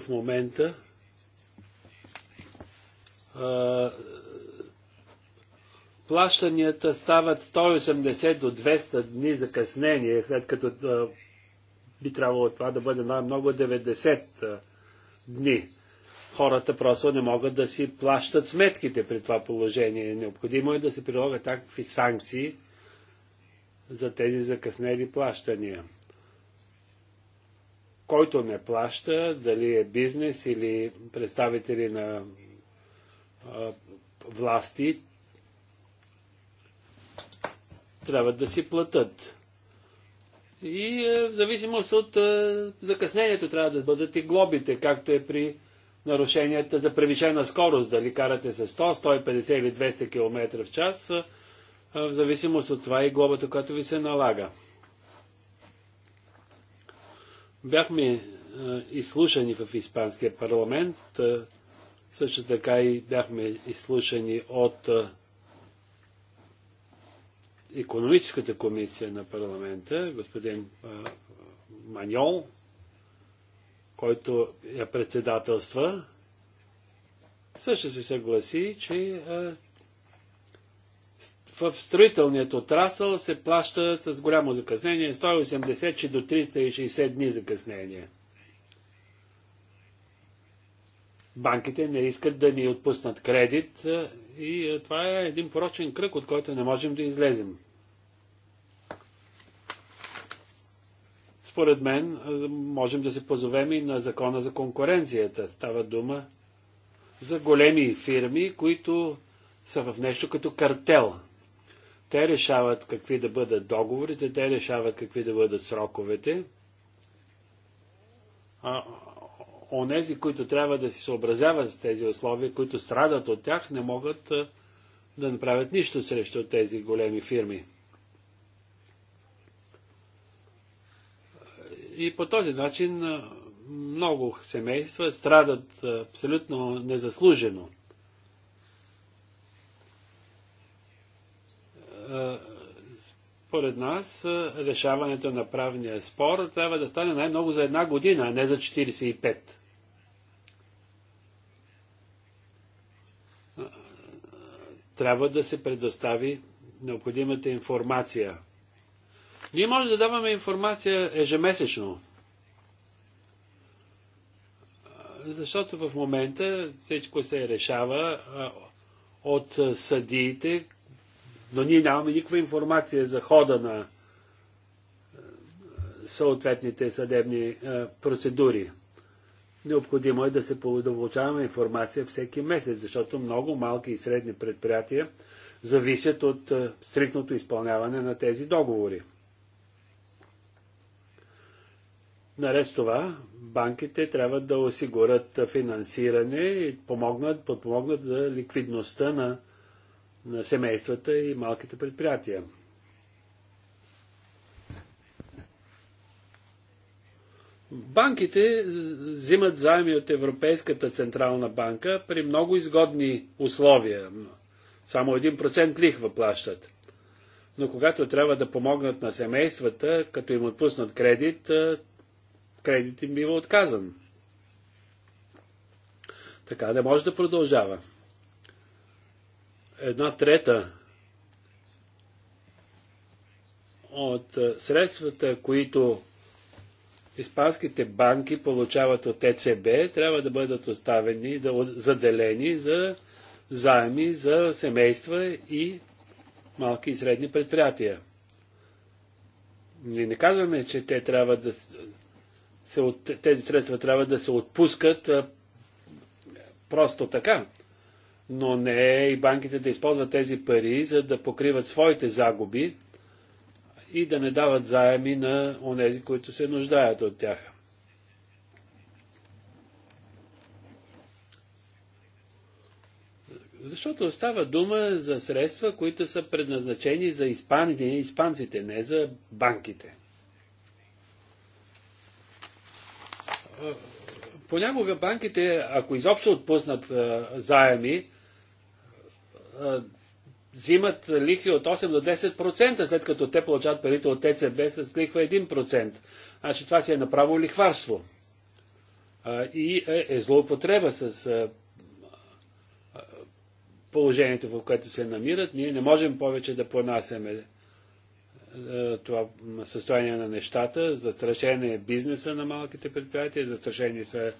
в момента а, плащанията стават 180 до 200 дни закъснение, след като а, би трябвало това да бъде най-много 90 дни. Хората просто не могат да си плащат сметките при това положение. Необходимо е да се прилагат някакви санкции за тези закъснели плащания който не плаща, дали е бизнес или представители на а, власти, трябва да си платят. И а, е, в зависимост от а, е, закъснението трябва да бъдат и глобите, както е при нарушенията за превишена скорост, дали карате с 100, 150 или 200 км в час, е, в зависимост от това и глобата, която ви се налага. Бяхме изслушани в Испанския парламент, също така и бяхме изслушани от економическата комисия на парламента, господин Маньол, който я председателства, също се съгласи, че в строителният отрасъл се плаща с голямо закъснение, 180 до 360 дни закъснение. Банките не искат да ни отпуснат кредит и това е един порочен кръг, от който не можем да излезем. Според мен можем да се позовем и на закона за конкуренцията. Става дума за големи фирми, които са в нещо като картел. Те решават какви да бъдат договорите, те решават какви да бъдат сроковете. А онези, които трябва да се съобразяват с тези условия, които страдат от тях, не могат да направят нищо срещу тези големи фирми. И по този начин много семейства страдат абсолютно незаслужено. Е, според нас е, решаването на правния спор трябва да стане най-много за една година, а не за 45. Е, трябва да се предостави необходимата информация. Ние може да даваме информация ежемесечно. Защото в момента всичко се решава от съдиите, но ние нямаме никаква информация за хода на е, съответните съдебни е, процедури. Необходимо е да се получаваме информация всеки месец, защото много малки и средни предприятия зависят от е, стрикното изпълняване на тези договори. Наред с това, банките трябва да осигурят финансиране и помогнат, подпомогнат за ликвидността на на семействата и малките предприятия. Банките взимат заеми от Европейската централна банка при много изгодни условия. Само 1% лихва плащат. Но когато трябва да помогнат на семействата, като им отпуснат кредит, кредит им бива отказан. Така да може да продължава една трета от е, средствата, които испанските банки получават от ЕЦБ, трябва да бъдат оставени, да, заделени за заеми за семейства и малки и средни предприятия. Ние не казваме, че те трябва да се, тези средства трябва да се отпускат е, просто така но не е и банките да използват тези пари, за да покриват своите загуби и да не дават заеми на онези, които се нуждаят от тях. Защото става дума за средства, които са предназначени за испаните, испанците, не за банките. Понякога банките, ако изобщо отпуснат а, заеми, взимат лихви от 8 до 10%, след като те получават парите от ТЦБ с лихва 1%. Значи това си е направо лихварство. и е, е, злоупотреба с положението, в което се намират. Ние не можем повече да понасяме това състояние на нещата. застрашение е бизнеса на малките предприятия, застрашени са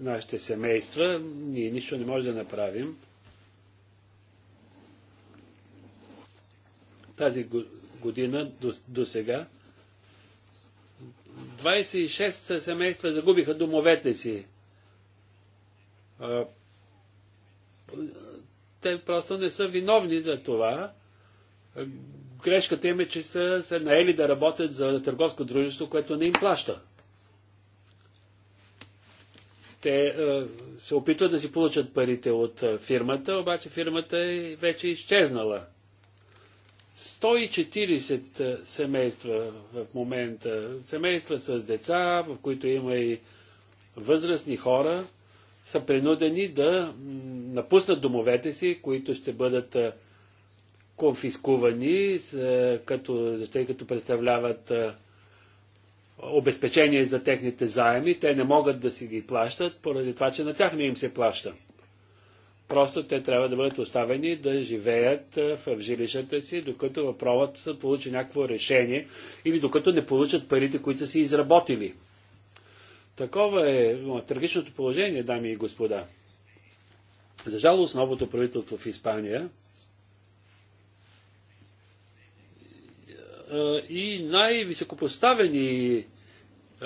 нашите семейства. Ние нищо не можем да направим тази година до, до сега 26 семейства загубиха домовете си. Те просто не са виновни за това. Грешката им е, че са се наели да работят за търговско дружество, което не им плаща. Те се опитват да си получат парите от фирмата, обаче фирмата е вече изчезнала. 140 е, семейства в момента, семейства с деца, в които има и възрастни хора, са принудени да напуснат домовете си, които ще бъдат е, конфискувани, е, като, защото като представляват обезпечение за техните заеми. Те не могат да си ги плащат, поради това, че на тях не им се плаща. Просто те трябва да бъдат оставени да живеят в жилищата си, докато се получи някакво решение или докато не получат парите, които са си изработили. Такова е трагичното положение, дами и господа. За жалост, новото правителство в Испания и най-високопоставени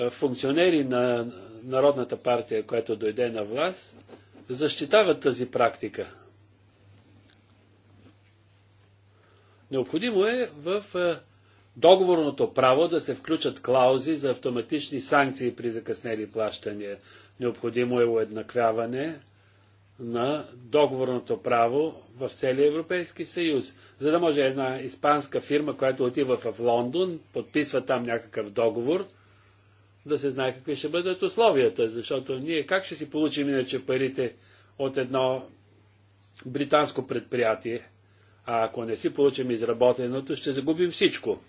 функционери на Народната партия, която дойде на власт, защитават тази практика. Необходимо е в е, договорното право да се включат клаузи за автоматични санкции при закъснели плащания. Необходимо е уеднаквяване на договорното право в целия Европейски съюз. За да може една испанска фирма, която отива в Лондон, подписва там някакъв договор – да се знае какви ще бъдат условията, защото ние как ще си получим иначе парите от едно британско предприятие, а ако не си получим изработеното, ще загубим всичко.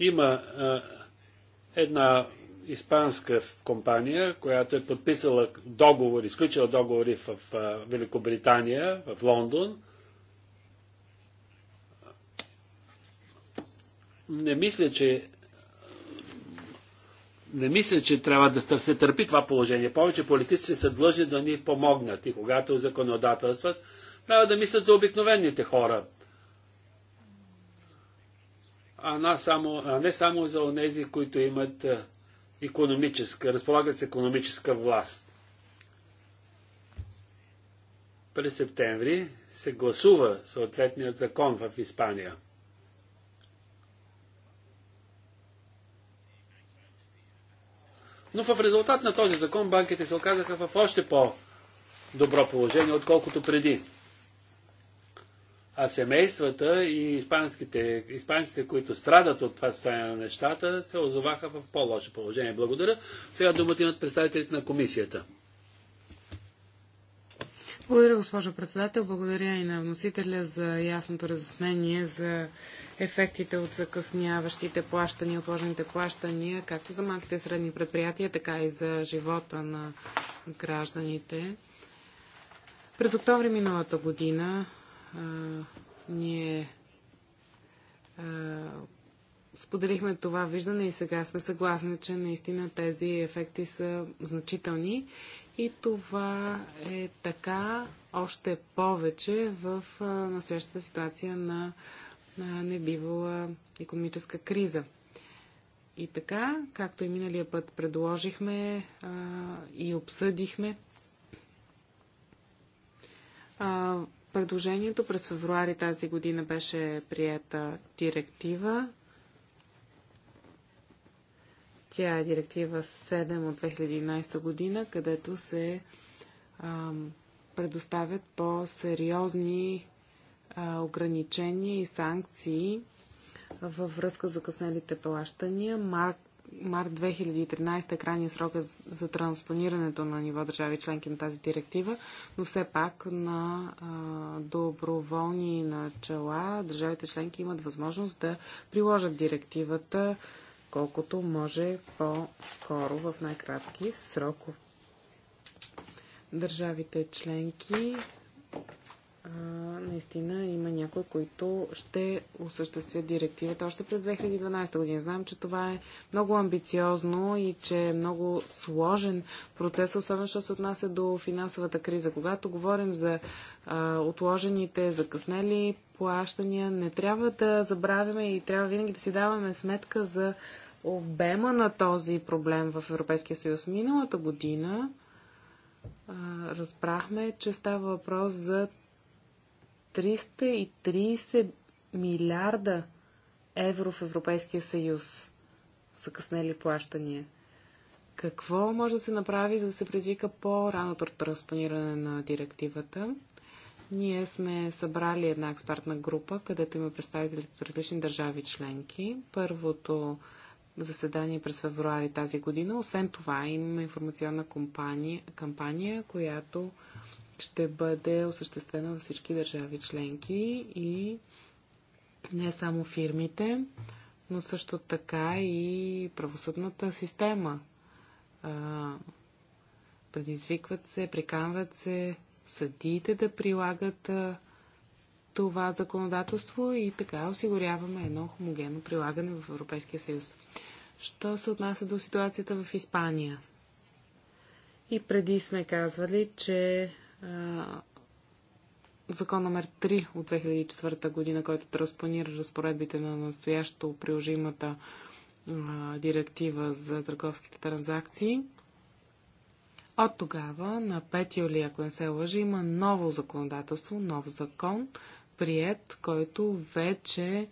Има а, една испанска компания, която е подписала договори, изключила договори в, в, в Великобритания, в Лондон. Не мисля, че не мисля, че трябва да се търпи това положение. Повече политиците са длъжни да ни помогнат и когато законодателстват, трябва да мислят за обикновените хора. А, на само, а не само за онези, които имат економическа, разполагат с економическа власт. През септември се гласува съответният закон в Испания – Но в резултат на този закон банките се оказаха в още по-добро положение, отколкото преди. А семействата и испанските, испанците, които страдат от това състояние на нещата, се озоваха в по-лошо положение. Благодаря. Сега думата имат представителите на комисията. Благодаря, госпожо председател. Благодаря и на вносителя за ясното разяснение за ефектите от закъсняващите плащания, отложените плащания, както за малките и средни предприятия, така и за живота на гражданите. През октомври миналата година а, ние а, споделихме това виждане и сега сме съгласни, че наистина тези ефекти са значителни и това е така още повече в настоящата ситуация на, небивала економическа криза. И така, както и миналия път предложихме а, и обсъдихме, а, предложението през февруари тази година беше приета директива тя е директива 7 от 2011 година, където се ам, предоставят по-сериозни ограничения и санкции във връзка с закъснелите плащания. Март, март 2013 е крайния срок за транспонирането на ниво държави членки на тази директива, но все пак на а, доброволни начала държавите членки имат възможност да приложат директивата колкото може по-скоро в най-кратки срокове. Държавите членки наистина има някой, които ще осъществят директивата още през 2012 година. Знаем, че това е много амбициозно и че е много сложен процес, особено що се отнася до финансовата криза. Когато говорим за а, отложените, закъснели плащания, не трябва да забравяме и трябва винаги да си даваме сметка за обема на този проблем в Европейския съюз. Миналата година разбрахме, че става въпрос за 330 милиарда евро в Европейския съюз Съкъснели плащания. Какво може да се направи, за да се предизвика по-раното транспониране на директивата? Ние сме събрали една експертна група, където има представители от различни държави членки. Първото заседание през февруари тази година. Освен това, имаме информационна кампания която ще бъде осъществена във всички държави членки и не само фирмите, но също така и правосъдната система. А, предизвикват се, приканват се съдиите да прилагат а, това законодателство и така осигуряваме едно хомогенно прилагане в Европейския съюз. Що се отнася до ситуацията в Испания? И преди сме казвали, че е, закон номер 3 от 2004 година, който транспонира разпоредбите на настоящо приложимата е, директива за търговските транзакции. От тогава, на 5 юли, ако не се лъжи, има ново законодателство, нов закон, прият, който вече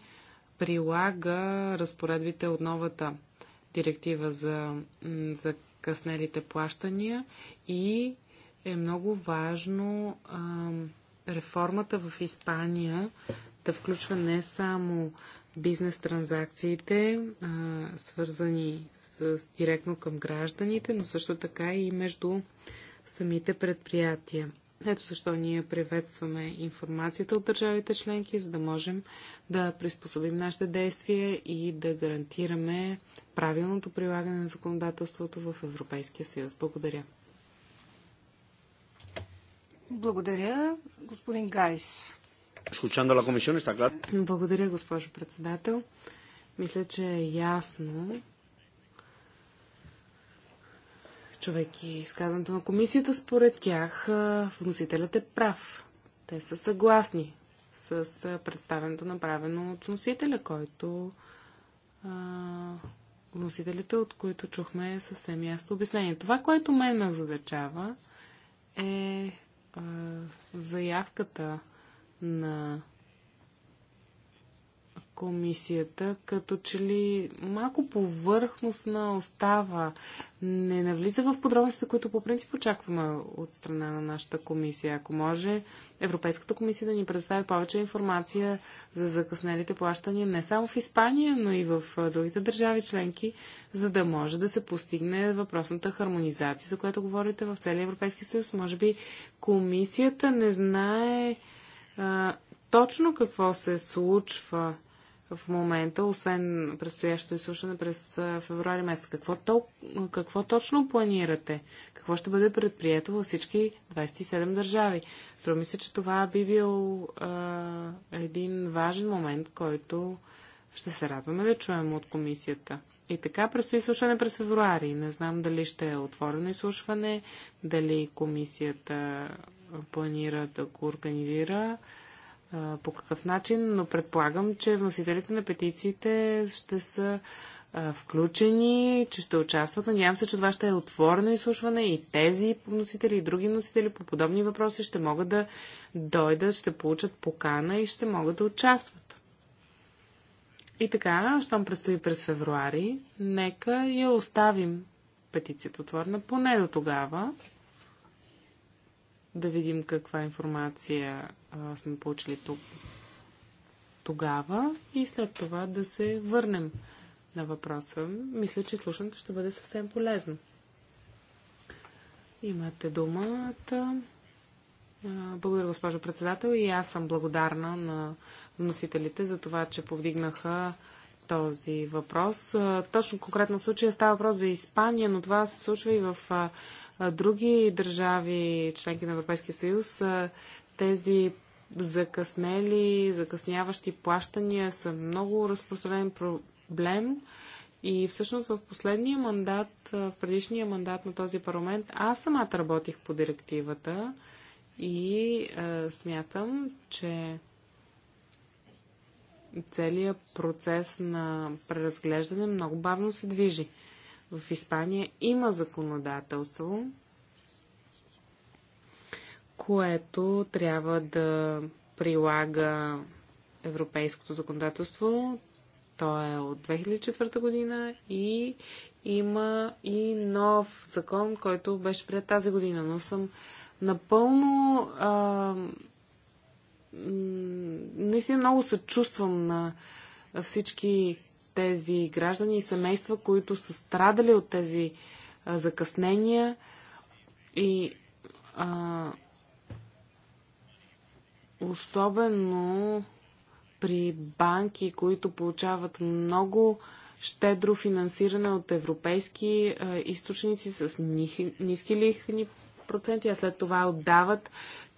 прилага разпоредбите от новата директива за къснелите плащания и е много важно а, реформата в Испания да включва не само бизнес транзакциите, а, свързани с, с директно към гражданите, но също така и между самите предприятия. Ето защо ние приветстваме информацията от държавите членки, за да можем да приспособим нашите действия и да гарантираме правилното прилагане на законодателството в Европейския съюз. Благодаря. Благодаря, господин Гайс. Благодаря, госпожо председател. Мисля, че е ясно, човеки изказването на комисията, според тях вносителят е прав. Те са съгласни с представенето направено от вносителя, който вносителите, от които чухме е съвсем ясно обяснение. Това, което мен ме озадачава, е заявката на комисията, като че ли малко повърхностна остава. Не навлиза в подробностите, които по принцип очакваме от страна на нашата комисия. Ако може Европейската комисия да ни предостави повече информация за закъснелите плащания не само в Испания, но и в другите държави членки, за да може да се постигне въпросната хармонизация, за която говорите в целия Европейски съюз. Може би комисията не знае точно какво се случва в момента, освен предстоящото изслушване през февруари месец. Какво, тол- какво точно планирате? Какво ще бъде предприето във всички 27 държави? Струва ми се, че това би бил а, един важен момент, който ще се радваме да чуем от комисията. И така предстои изслушване през февруари. Не знам дали ще е отворено изслушване, дали комисията планира да го организира по какъв начин, но предполагам, че вносителите на петициите ще са включени, че ще участват. Надявам се, че това ще е отворено изслушване и тези носители и други носители по подобни въпроси ще могат да дойдат, ще получат покана и ще могат да участват. И така, щом предстои през февруари, нека я оставим петицията отворена поне до тогава. Да видим каква информация сме получили тук тогава и след това да се върнем на въпроса. Мисля, че слушането ще бъде съвсем полезно. Имате думата. Благодаря, госпожо председател. И аз съм благодарна на вносителите за това, че повдигнаха този въпрос. Точно конкретно случая става въпрос за Испания, но това се случва и в други държави, членки на Европейския съюз. Тези закъснели, закъсняващи плащания са много разпространен проблем. И всъщност в последния мандат, в предишния мандат на този парламент, аз самата работих по директивата и е, смятам, че целият процес на преразглеждане много бавно се движи. В Испания има законодателство, което трябва да прилага европейското законодателство. То е от 2004 година и има и нов закон, който беше пред тази година, но съм напълно. А, наистина много съчувствам на всички тези граждани и семейства, които са страдали от тези а, закъснения и а, особено при банки, които получават много щедро финансиране от европейски а, източници с ниски лихвени проценти, а след това отдават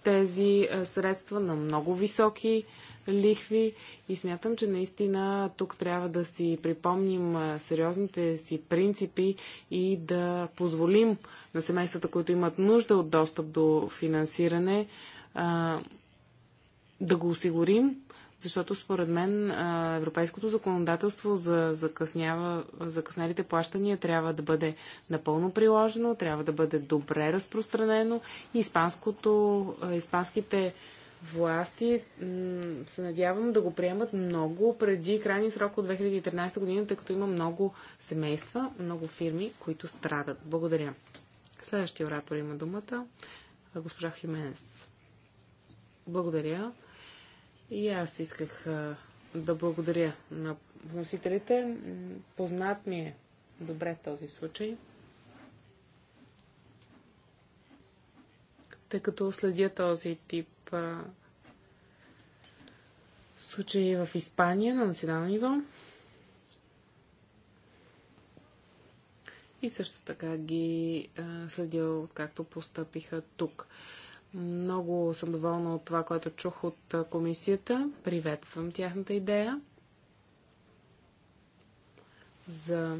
тези а, средства на много високи лихви и смятам, че наистина тук трябва да си припомним а, сериозните си принципи и да позволим на семействата, които имат нужда от достъп до финансиране, да го осигурим, защото според мен европейското законодателство за закъснява, закъснелите плащания трябва да бъде напълно приложено, трябва да бъде добре разпространено и испанското, испанските власти се надявам да го приемат много преди крайния срок от 2013 година, тъй като има много семейства, много фирми, които страдат. Благодаря. Следващия оратор има думата. Госпожа Хименес. Благодаря. И аз исках а, да благодаря на вносителите. Познат ми е добре този случай. Тъй като следя този тип а, случаи в Испания на национално ниво. И също така ги а, следя, както постъпиха тук. Много съм доволна от това, което чух от комисията. Приветствам тяхната идея за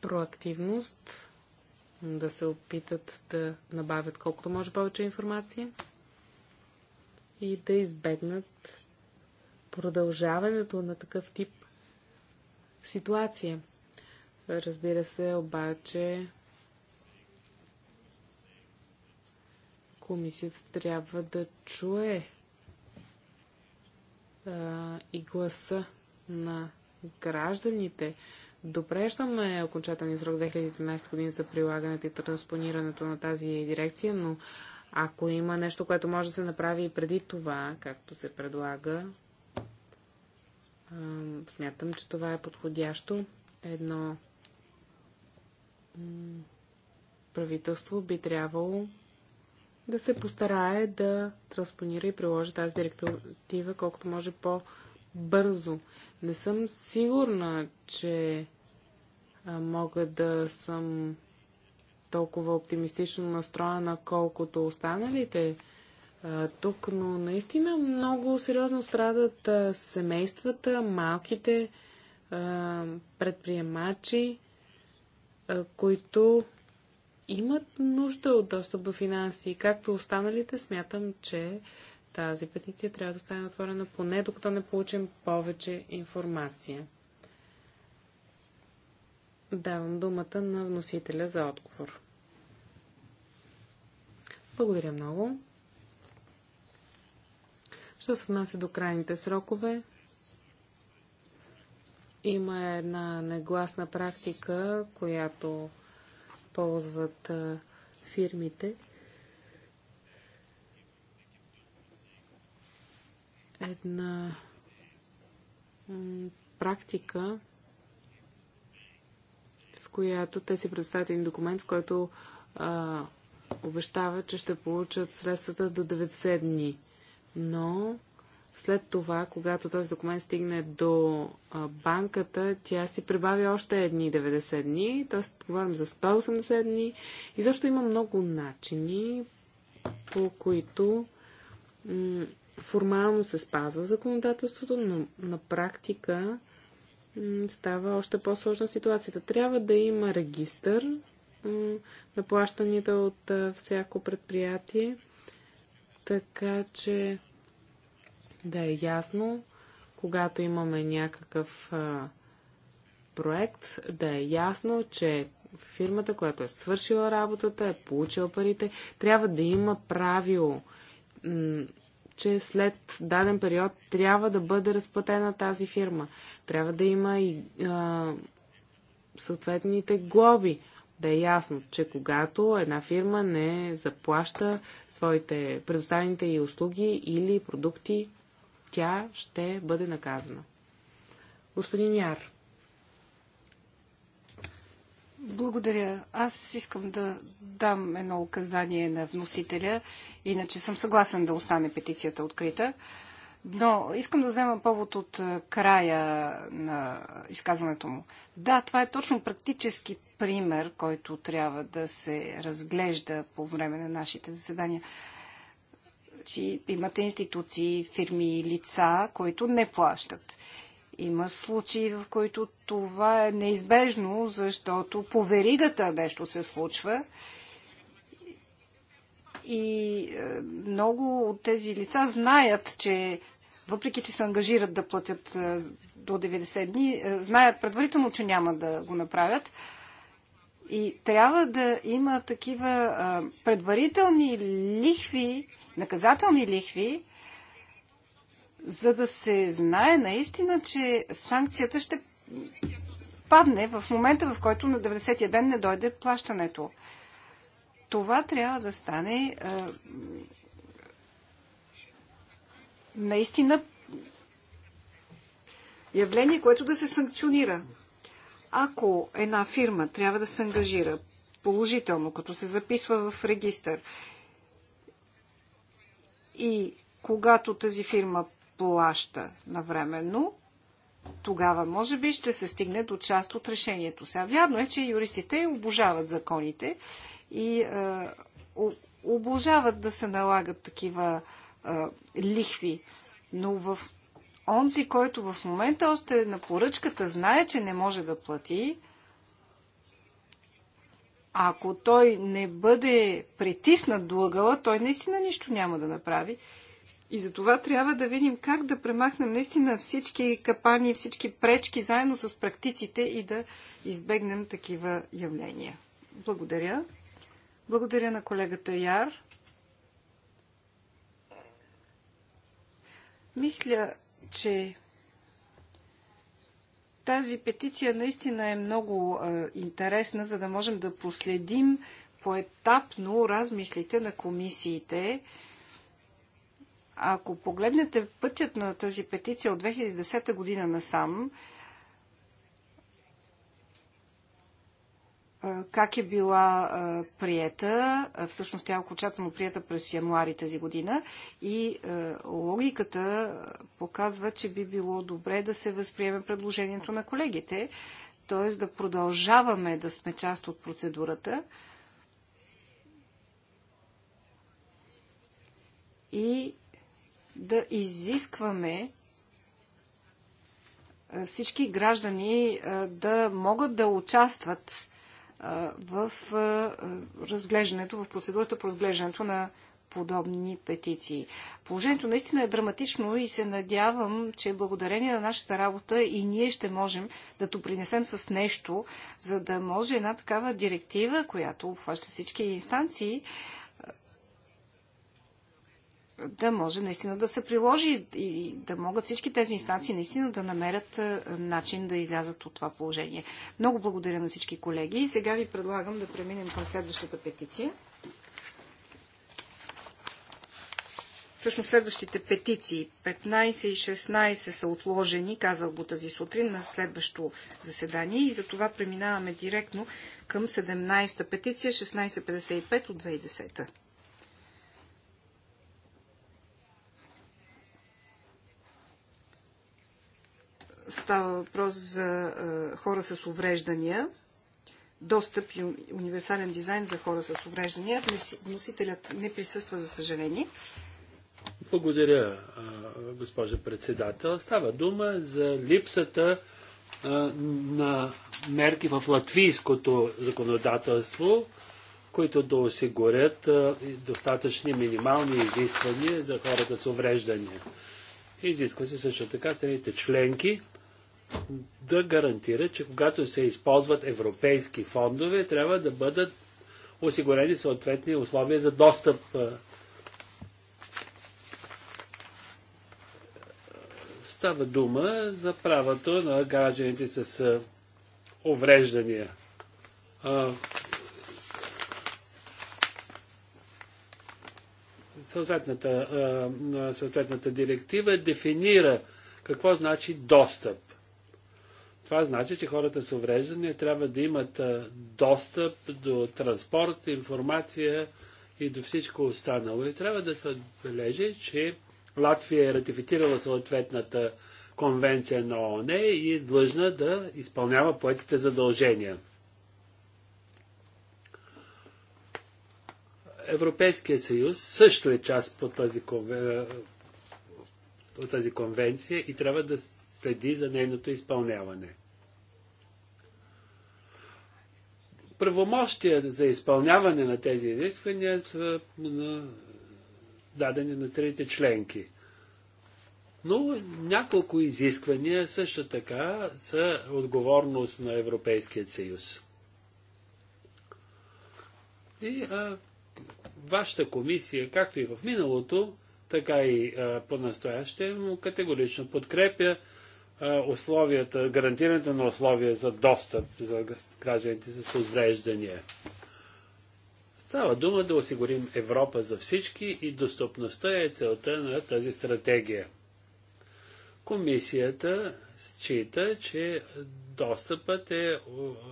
проактивност, да се опитат да набавят колкото може повече информация и да избегнат продължаването на такъв тип ситуация. Разбира се, обаче, комисията трябва да чуе а, и гласа на гражданите. Допрещаме окончателния срок 2013 година за прилагането и транспонирането на тази дирекция, но ако има нещо, което може да се направи и преди това, както се предлага, а, смятам, че това е подходящо. Едно правителство би трябвало да се постарае да транспонира и приложи тази директива колкото може по-бързо. Не съм сигурна, че а, мога да съм толкова оптимистично настроена, колкото останалите а, тук, но наистина много сериозно страдат а, семействата, малките предприемачи, които имат нужда от достъп до финанси. Както останалите, смятам, че тази петиция трябва да остане отворена поне докато не получим повече информация. Давам думата на вносителя за отговор. Благодаря много. Що се отнася до крайните срокове, има една негласна практика, която ползват фирмите. Една практика, в която те си предоставят един документ, в който а, обещават, че ще получат средствата до 90 дни. Но след това, когато този документ стигне до банката, тя си прибави още едни 90 дни, т.е. говорим за 180 дни. И защо има много начини, по които формално се спазва законодателството, но на практика става още по-сложна ситуацията. Трябва да има регистър на плащанията от всяко предприятие, така че да е ясно, когато имаме някакъв а, проект, да е ясно, че фирмата, която е свършила работата, е получила парите, трябва да има правило, че след даден период трябва да бъде разплатена тази фирма. Трябва да има и а, съответните глоби. Да е ясно, че когато една фирма не заплаща своите предоставените и услуги или продукти, тя ще бъде наказана. Господин Яр. Благодаря. Аз искам да дам едно указание на вносителя, иначе съм съгласен да остане петицията открита. Но искам да взема повод от края на изказването му. Да, това е точно практически пример, който трябва да се разглежда по време на нашите заседания. Значи имате институции, фирми, лица, които не плащат. Има случаи, в които това е неизбежно, защото по веригата нещо се случва и е, много от тези лица знаят, че въпреки, че се ангажират да платят е, до 90 дни, е, знаят предварително, че няма да го направят. И трябва да има такива предварителни лихви, наказателни лихви, за да се знае наистина, че санкцията ще падне в момента, в който на 90-я ден не дойде плащането. Това трябва да стане а, наистина явление, което да се санкционира. Ако една фирма трябва да се ангажира положително, като се записва в регистър и когато тази фирма плаща навременно, тогава може би ще се стигне до част от решението. Сега вярно е, че юристите обожават законите и е, обожават да се налагат такива е, лихви, но в онзи, който в момента още е на поръчката знае, че не може да плати, ако той не бъде притиснат до ъгъла, той наистина нищо няма да направи. И за това трябва да видим как да премахнем наистина всички капани, всички пречки, заедно с практиците и да избегнем такива явления. Благодаря. Благодаря на колегата Яр. Мисля, че тази петиция наистина е много е, интересна, за да можем да последим поетапно размислите на комисиите. Ако погледнете пътят на тази петиция от 2010 година насам, как е била приета, всъщност тя е окончателно приета през януари тази година и логиката показва, че би било добре да се възприеме предложението на колегите, т.е. да продължаваме да сме част от процедурата и да изискваме всички граждани да могат да участват в разглеждането, в процедурата по разглеждането на подобни петиции. Положението наистина е драматично и се надявам, че благодарение на нашата работа и ние ще можем да допринесем с нещо, за да може една такава директива, която обхваща всички инстанции, да може наистина да се приложи и да могат всички тези инстанции наистина да намерят е, начин да излязат от това положение. Много благодаря на всички колеги и сега ви предлагам да преминем към следващата петиция. Всъщност следващите петиции 15 и 16 са отложени, казах го тази сутрин, на следващо заседание и за това преминаваме директно към 17-та петиция 1655 от 2010. Става въпрос за хора с увреждания. Достъп и универсален дизайн за хора с увреждания. Носителят не присъства, за съжаление. Благодаря, госпожа председател. Става дума за липсата на мерки в латвийското законодателство, които да осигурят достатъчни минимални изисквания за хората с увреждания. Изисква се също така страните членки да гарантира, че когато се използват европейски фондове, трябва да бъдат осигурени съответни условия за достъп. Става дума за правото на гражданите с увреждания. Съответната, съответната директива дефинира какво значи достъп това значи, че хората с увреждания трябва да имат достъп до транспорт, информация и до всичко останало. И трябва да се отбележи, че Латвия е ратифицирала съответната конвенция на ООН и е длъжна да изпълнява поетите задължения. Европейския съюз също е част по тази, по тази конвенция и трябва да следи за нейното изпълняване. правомощия за изпълняване на тези изисквания са дадени на трите членки. Но няколко изисквания също така са отговорност на Европейския съюз. И а, вашата комисия, както и в миналото, така и по-настояще, категорично подкрепя условията, гарантирането на условия за достъп за гражданите с увреждания. Става дума да осигурим Европа за всички и достъпността е целта на тази стратегия. Комисията счита, че достъпът е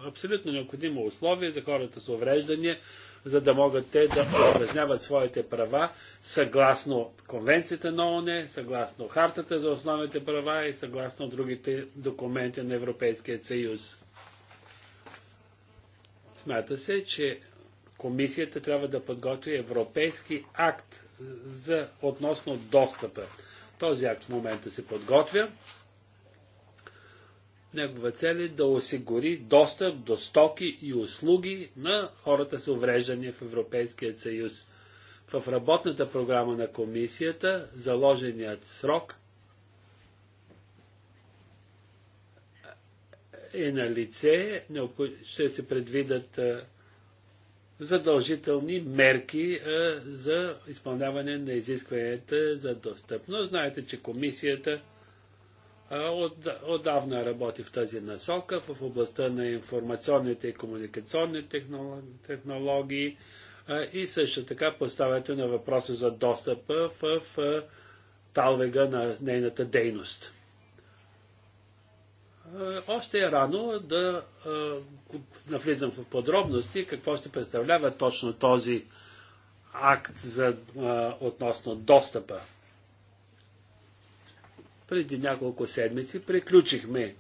абсолютно необходимо условие за хората с увреждания за да могат те да упражняват своите права съгласно Конвенцията на ОНЕ, съгласно Хартата за основните права и съгласно другите документи на Европейския съюз. Смята се, че комисията трябва да подготви европейски акт за относно достъпа. Този акт в момента се подготвя. Негова цел е да осигури достъп до стоки и услуги на хората с увреждания в Европейския съюз. В работната програма на комисията заложеният срок е на лице, ще се предвидат задължителни мерки за изпълняване на изискванията за достъпност. Знаете, че комисията Отдавна работи в тази насока, в областта на информационните и комуникационни технологии и също така поставянето на въпроса за достъпа в талвега на нейната дейност. Още е рано да навлизам в подробности какво ще представлява точно този акт за, относно достъпа. Преди няколко седмици приключихме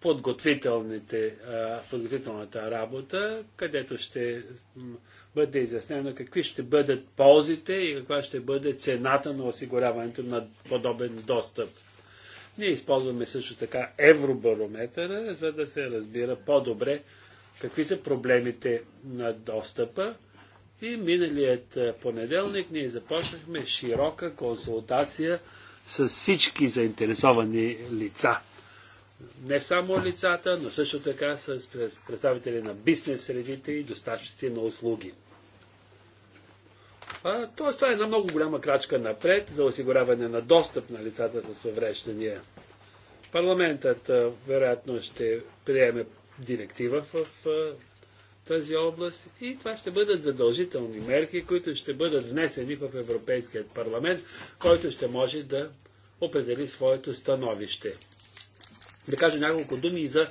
подготвителната работа, където ще бъде изяснено какви ще бъдат ползите и каква ще бъде цената на осигуряването на подобен достъп. Ние използваме също така евробарометъра, за да се разбира по-добре какви са проблемите на достъпа. И миналият понеделник ние започнахме широка консултация с всички заинтересовани лица. Не само лицата, но също така с представители на бизнес средите и доставчици на услуги. Тоест, това е една много голяма крачка напред за осигуряване на достъп на лицата с увреждания. Парламентът вероятно ще приеме директива в тази област и това ще бъдат задължителни мерки, които ще бъдат внесени в Европейският парламент, който ще може да определи своето становище. Да кажа няколко думи за е,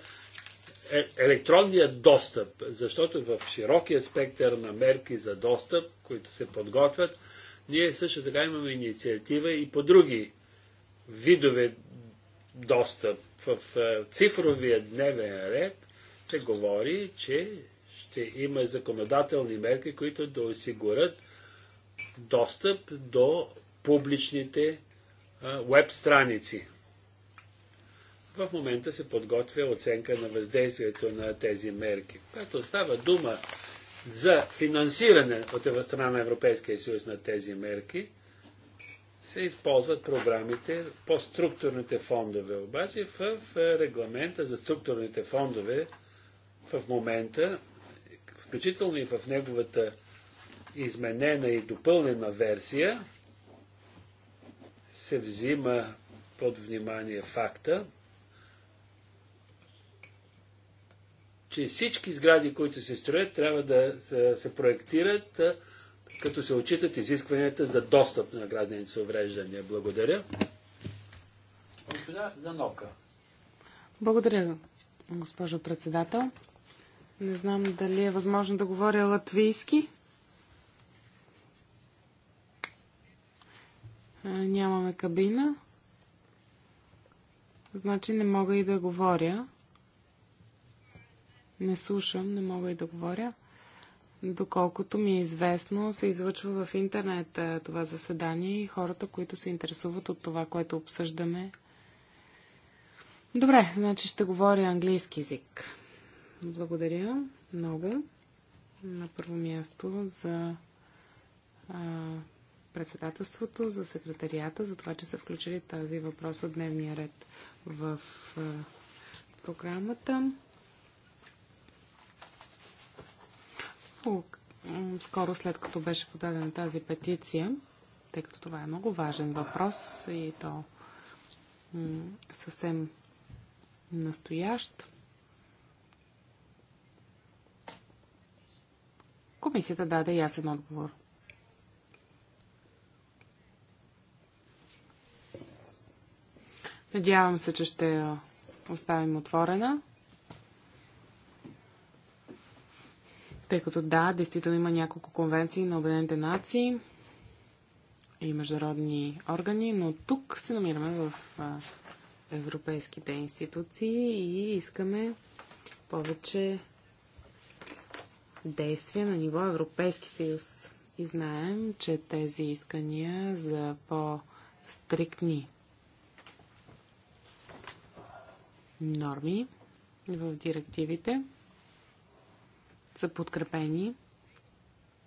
електронният електронния достъп, защото в широкия спектър на мерки за достъп, които се подготвят, ние също така имаме инициатива и по други видове достъп. В е, цифровия дневен ред се говори, че ще има законодателни мерки, които да осигурят достъп до публичните веб страници. В момента се подготвя оценка на въздействието на тези мерки. Когато става дума за финансиране от страна на Европейския съюз на тези мерки, се използват програмите по структурните фондове. Обаче в регламента за структурните фондове в момента включително и в неговата изменена и допълнена версия, се взима под внимание факта, че всички сгради, които се строят, трябва да се, се проектират, като се отчитат изискванията за достъп на гражданите с увреждания. Благодаря. Господа Занока. Благодаря, госпожо председател. Не знам дали е възможно да говоря латвийски. Нямаме кабина. Значи не мога и да говоря. Не слушам, не мога и да говоря. Доколкото ми е известно, се излъчва в интернет това заседание и хората, които се интересуват от това, което обсъждаме. Добре, значи ще говоря английски язик. Благодаря много. На първо място за а, председателството, за секретарията, за това, че са включили тази въпрос от дневния ред в а, програмата. Скоро след като беше подадена тази петиция, тъй като това е много важен въпрос и то съвсем настоящ, Комисията даде ясен отговор. Надявам се, че ще я оставим отворена. Тъй като да, действително има няколко конвенции на Обединените нации и международни органи, но тук се намираме в европейските институции и искаме повече действия на ниво Европейски съюз. И знаем, че тези искания за по-стриктни норми в директивите са подкрепени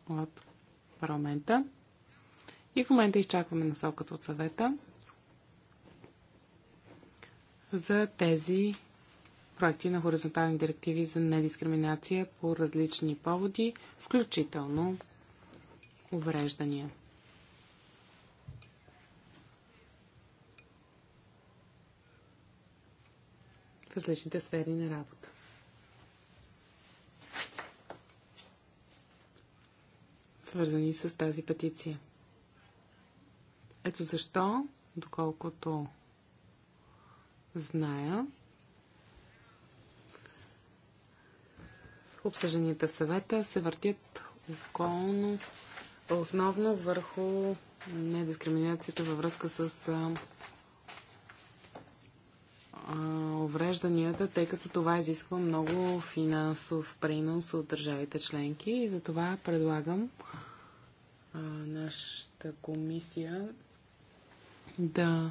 от парламента. И в момента изчакваме насоката от съвета за тези проекти на хоризонтални директиви за недискриминация по различни поводи, включително увреждания. В различните сфери на работа. свързани с тази петиция. Ето защо, доколкото зная, обсъжданията в съвета се въртят околно, основно върху недискриминацията във връзка с а, а, уврежданията, тъй като това изисква много финансов принос от държавите членки и затова предлагам а, нашата комисия да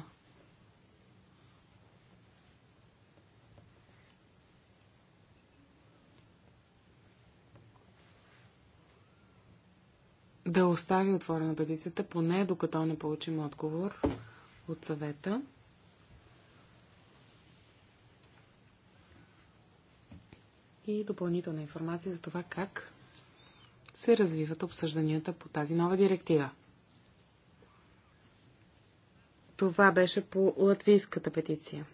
да остави отворена петицията, поне докато не получим отговор от съвета. И допълнителна информация за това как се развиват обсъжданията по тази нова директива. Това беше по латвийската петиция.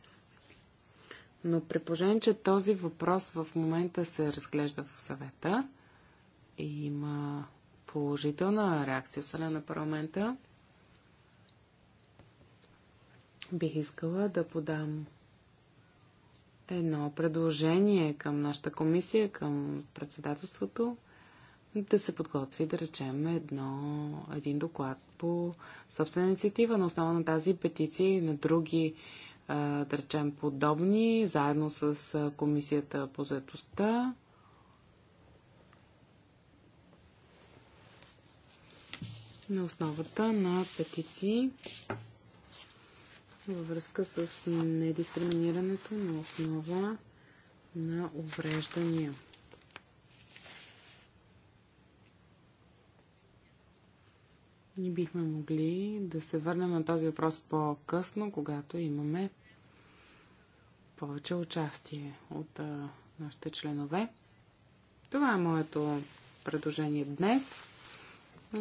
Но при положение, че този въпрос в момента се разглежда в съвета и има положителна реакция в страна на парламента. Бих искала да подам едно предложение към нашата комисия, към председателството, да се подготви, да речем, едно, един доклад по собствена инициатива на основа на тази петиция и на други, да речем, подобни, заедно с Комисията по заедостта на основата на петиции във връзка с недискриминирането на основа на увреждания. Ни бихме могли да се върнем на този въпрос по-късно, когато имаме повече участие от а, нашите членове. Това е моето предложение днес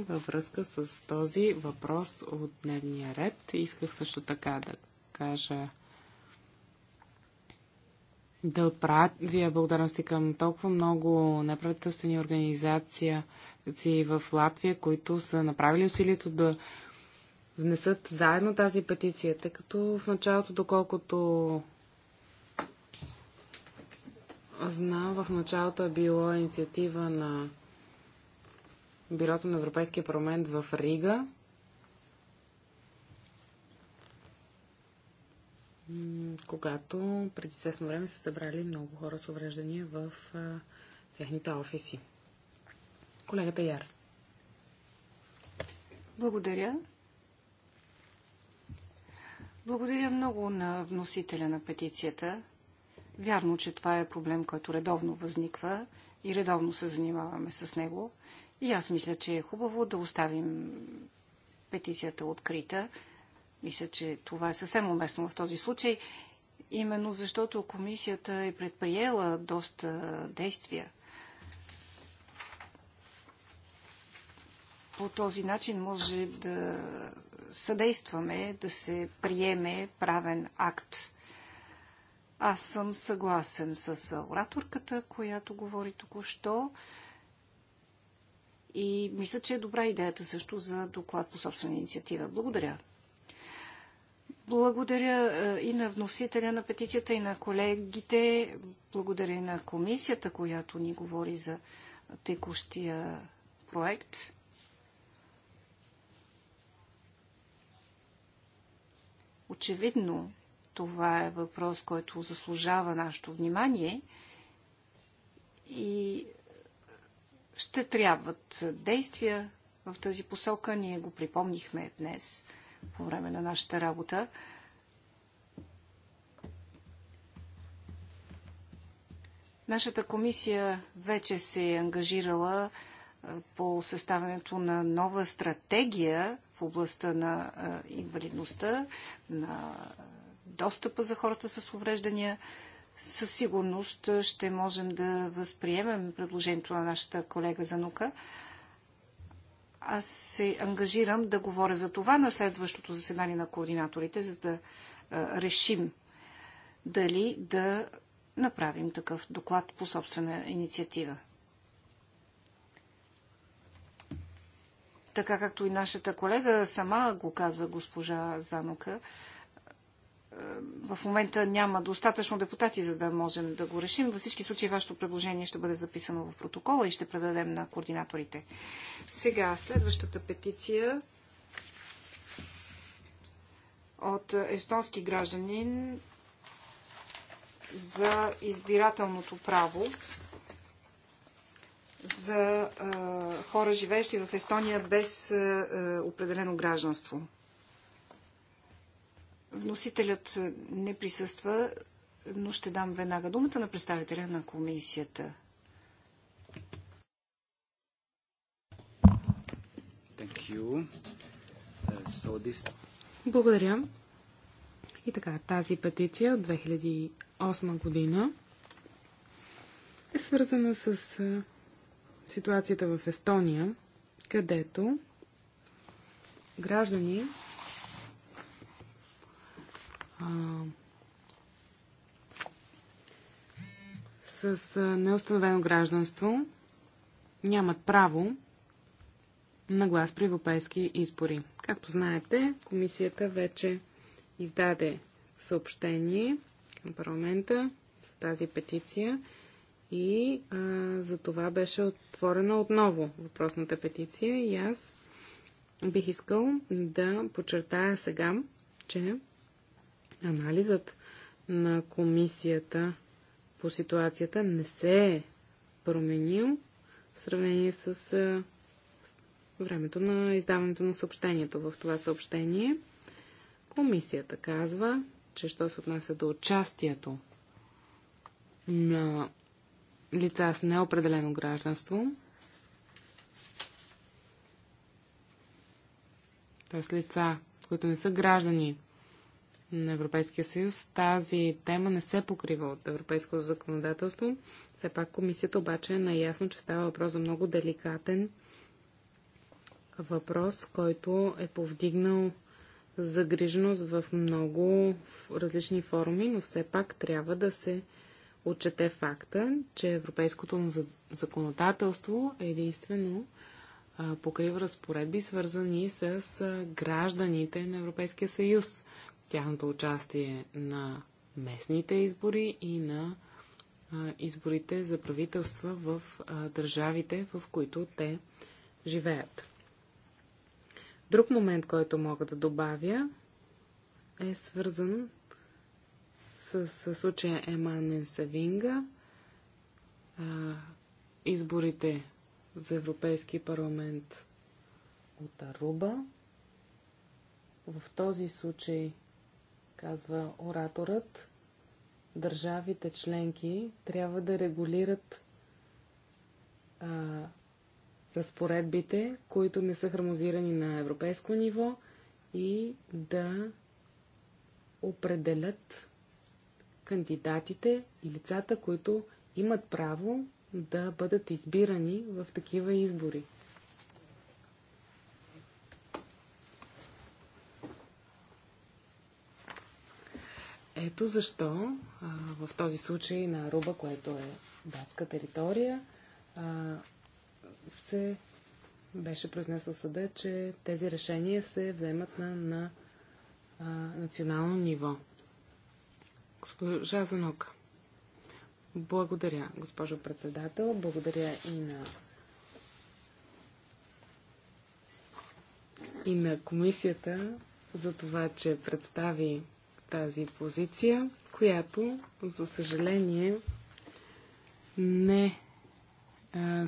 във връзка с този въпрос от дневния ред. Исках също така да кажа да отправя благодарности към толкова много неправителствени организации в Латвия, които са направили усилието да внесат заедно тази петиция, тъй като в началото, доколкото знам, в началото е било инициатива на Бюрото на Европейския парламент в Рига. когато преди известно време са събрали много хора с увреждания в техните офиси. Колегата Яр. Благодаря. Благодаря много на вносителя на петицията. Вярно, че това е проблем, който редовно възниква и редовно се занимаваме с него. И аз мисля, че е хубаво да оставим петицията открита. Мисля, че това е съвсем уместно в този случай, именно защото комисията е предприела доста действия. По този начин може да съдействаме да се приеме правен акт. Аз съм съгласен с ораторката, която говори току-що. И мисля, че е добра идеята също за доклад по собствена инициатива. Благодаря. Благодаря е, и на вносителя на петицията, и на колегите. Благодаря и на комисията, която ни говори за текущия проект. Очевидно, това е въпрос, който заслужава нашето внимание и ще трябват действия в тази посока. Ние го припомнихме днес по време на нашата работа. Нашата комисия вече се е ангажирала по съставянето на нова стратегия в областта на инвалидността, на достъпа за хората с увреждания със сигурност ще можем да възприемем предложението на нашата колега Занука. Аз се ангажирам да говоря за това на следващото заседание на координаторите, за да решим дали да направим такъв доклад по собствена инициатива. Така както и нашата колега сама го каза госпожа Занука, е, в момента няма достатъчно депутати, за да можем да го решим. Във всички случаи вашето предложение ще бъде записано в протокола и ще предадем на координаторите. Сега, следващата петиция от естонски гражданин за избирателното право за а, е, хора, живеещи в Естония без а, е, определено гражданство. Вносителят не присъства, но ще дам веднага думата на представителя на комисията. Uh, so this... Благодаря. И така, тази петиция от 2008 година е свързана с ситуацията в Естония, където граждани с неустановено гражданство нямат право на глас при европейски избори. Както знаете, комисията вече издаде съобщение към парламента за тази петиция и а, за това беше отворена отново въпросната петиция и аз бих искал да подчертая сега, че Анализът на комисията по ситуацията не се е променил в сравнение с времето на издаването на съобщението. В това съобщение комисията казва, че що се отнася до участието на лица с неопределено гражданство, т.е. лица, които не са граждани на Европейския съюз. Тази тема не се покрива от европейското законодателство. Все пак комисията обаче е наясно, че става въпрос за много деликатен въпрос, който е повдигнал загриженост в много различни форуми, но все пак трябва да се отчете факта, че европейското законодателство е единствено покрива разпоредби, свързани с гражданите на Европейския съюз, тяхното участие на местните избори и на изборите за правителства в държавите, в които те живеят. Друг момент, който мога да добавя, е свързан с, с случая Еманен Савинга, изборите за Европейски парламент от Аруба. В този случай казва ораторът, държавите членки трябва да регулират а, разпоредбите, които не са хармозирани на европейско ниво и да определят кандидатите и лицата, които имат право да бъдат избирани в такива избори. Ето защо а, в този случай на Руба, което е датска територия, а, се беше произнесъл съда, че тези решения се вземат на, на а, национално ниво. Госпожа Занок, Благодаря, госпожо председател. Благодаря и на и на комисията за това, че представи тази позиция, която, за съжаление, не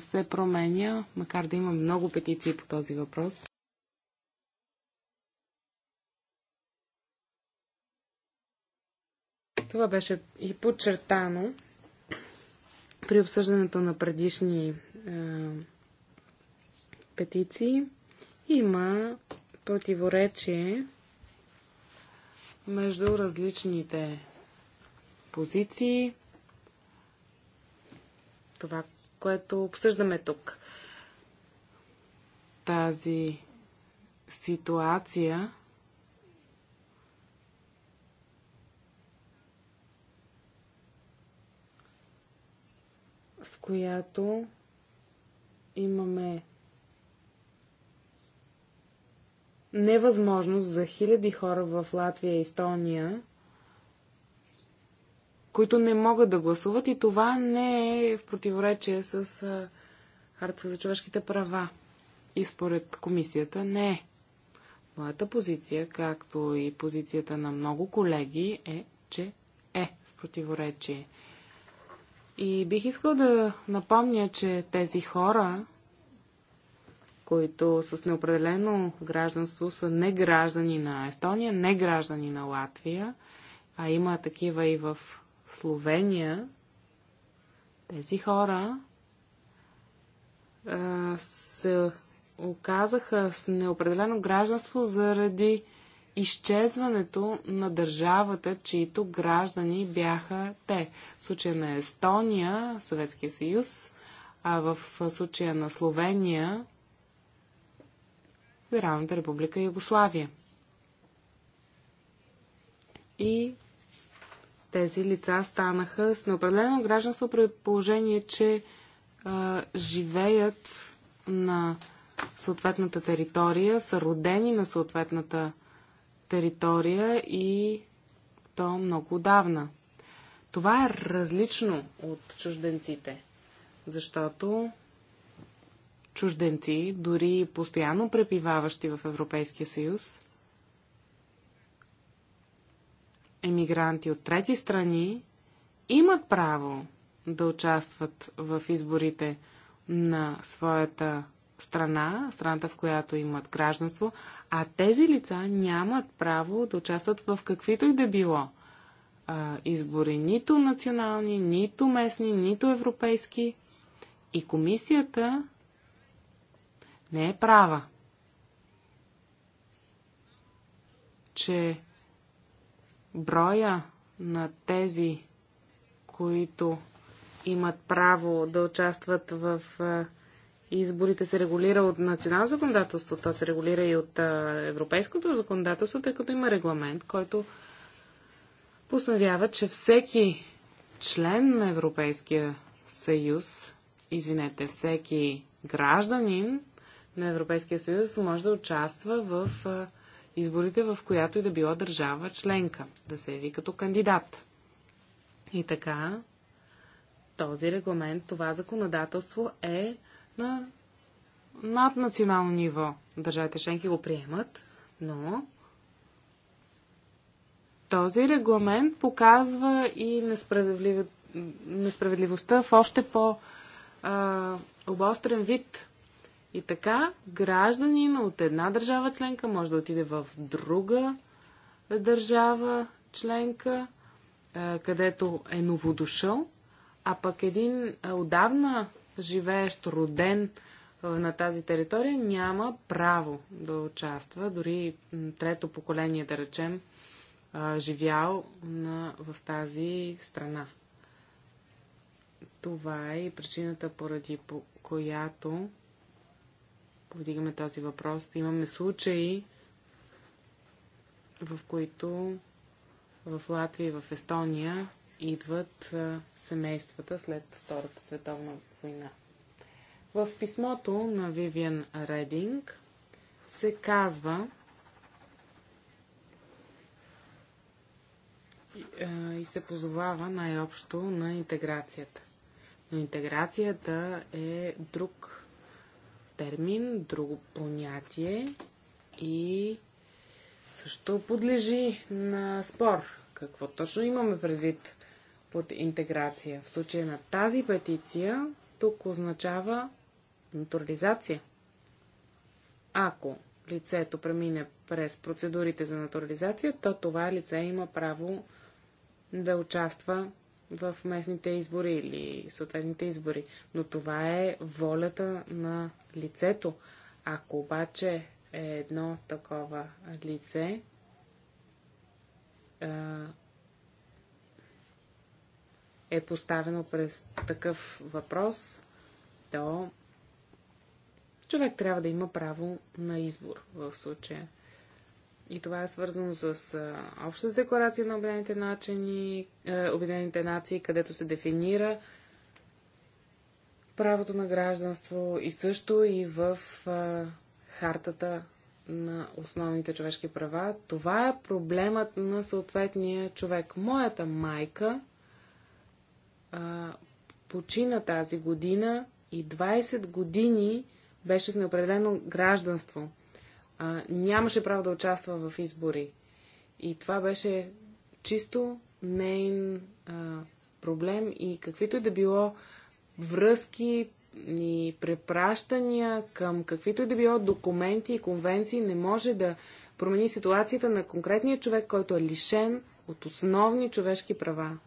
се променя, макар да има много петиции по този въпрос. Това беше и подчертано при обсъждането на предишни е, петиции. Има противоречие между различните позиции. Това, което обсъждаме тук. Тази ситуация в която имаме невъзможност за хиляди хора в Латвия и Естония, които не могат да гласуват и това не е в противоречие с Харта за човешките права. И според комисията не е. Моята позиция, както и позицията на много колеги, е, че е в противоречие. И бих искал да напомня, че тези хора, които с неопределено гражданство са не граждани на Естония, не граждани на Латвия, а има такива и в Словения. Тези хора а, се оказаха с неопределено гражданство заради изчезването на държавата, чието граждани бяха те. В случая на Естония, Съветския съюз, а в случая на Словения, Федералната република Югославия. И тези лица станаха с неопределено гражданство при положение, че а, живеят на съответната територия, са родени на съответната територия и то много отдавна. Това е различно от чужденците, защото чужденци, дори постоянно препиваващи в Европейския съюз, емигранти от трети страни, имат право да участват в изборите на своята страна, страната в която имат гражданство, а тези лица нямат право да участват в каквито и да било а, избори, нито национални, нито местни, нито европейски. И комисията не е права, че броя на тези, които имат право да участват в изборите се регулира от национално законодателство, то се регулира и от европейското законодателство, тъй като има регламент, който постановява, че всеки член на Европейския съюз, извинете, всеки гражданин на Европейския съюз може да участва в изборите в която и да била държава членка, да се яви като кандидат. И така, този регламент, това законодателство е на наднационално ниво. Държавите членки го приемат, но този регламент показва и несправедливостта в още по-обострен вид и така гражданин от една държава членка може да отиде в друга държава членка, е, където е новодушъл, а пък един е, отдавна живеещ, роден е, на тази територия няма право да участва, дори трето поколение, да речем, живял на, в тази страна. Това е и причината, поради по която повдигаме този въпрос. Имаме случаи, в които в Латвия и в Естония идват семействата след Втората световна война. В писмото на Вивиан Рединг се казва, и се позовава най-общо на интеграцията. Но интеграцията е друг термин, друго понятие и също подлежи на спор. Какво точно имаме предвид под интеграция? В случая на тази петиция тук означава натурализация. Ако лицето премине през процедурите за натурализация, то това лице има право да участва в местните избори или съответните избори. Но това е волята на лицето. Ако обаче е едно такова лице, е поставено през такъв въпрос, то човек трябва да има право на избор в случая. И това е свързано с Общата декларация на Обединените, начини, е, Обединените нации, където се дефинира правото на гражданство и също и в хартата на основните човешки права. Това е проблемът на съответния човек. Моята майка а, почина тази година и 20 години беше с неопределено гражданство а, нямаше право да участва в избори. И това беше чисто нейн а, проблем и каквито и да било връзки и препращания към каквито и да било документи и конвенции не може да промени ситуацията на конкретния човек, който е лишен от основни човешки права.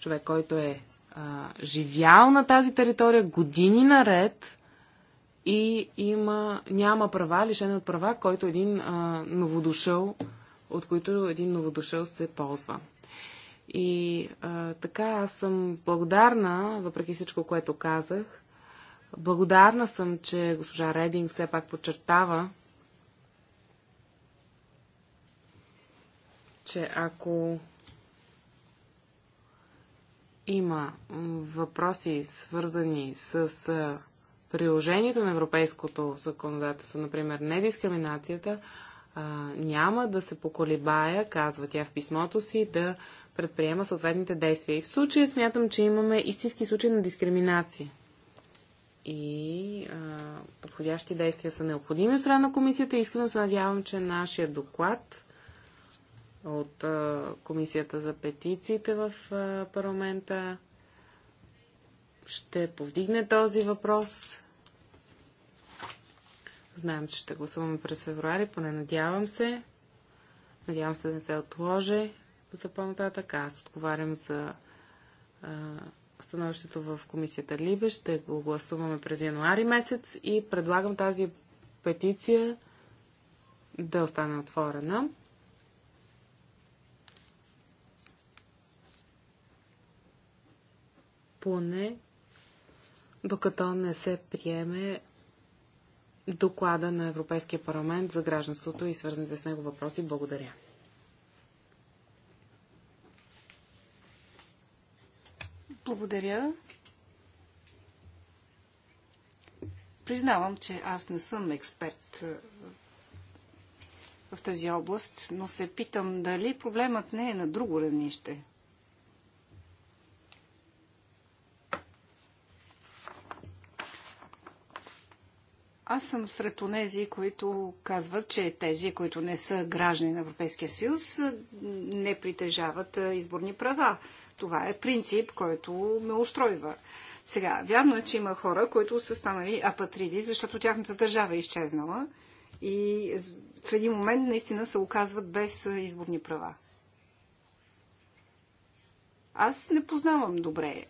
Човек, който е а, живял на тази територия години наред и има, няма права, лишен от права, който един а, новодушъл, от които един новодушъл се ползва. И а, така аз съм благодарна, въпреки всичко, което казах. Благодарна съм, че госпожа Рединг все пак подчертава, че ако има въпроси свързани с приложението на европейското законодателство, например недискриминацията, а, няма да се поколебая, казва тя в писмото си, да предприема съответните действия. И в случая смятам, че имаме истински случай на дискриминация. И а, подходящи действия са необходими от страна на комисията. Искрено се надявам, че нашия доклад от а, комисията за петициите в а, парламента ще повдигне този въпрос. Знаем, че ще гласуваме през февруари, поне надявам се. Надявам се да не се отложи за по-нататък. Аз отговарям за а, становището в комисията Либе. Ще го гласуваме през януари месец и предлагам тази петиция да остане отворена. Поне докато не се приеме доклада на Европейския парламент за гражданството и свързаните с него въпроси. Благодаря. Благодаря. Признавам, че аз не съм експерт е, в тази област, но се питам дали проблемът не е на друго равнище. Аз съм сред онези, които казват, че тези, които не са граждани на Европейския съюз, не притежават изборни права. Това е принцип, който ме устройва. Сега, вярно е, че има хора, които са станали апатриди, защото тяхната държава е изчезнала и в един момент наистина се оказват без изборни права. Аз не познавам добре е,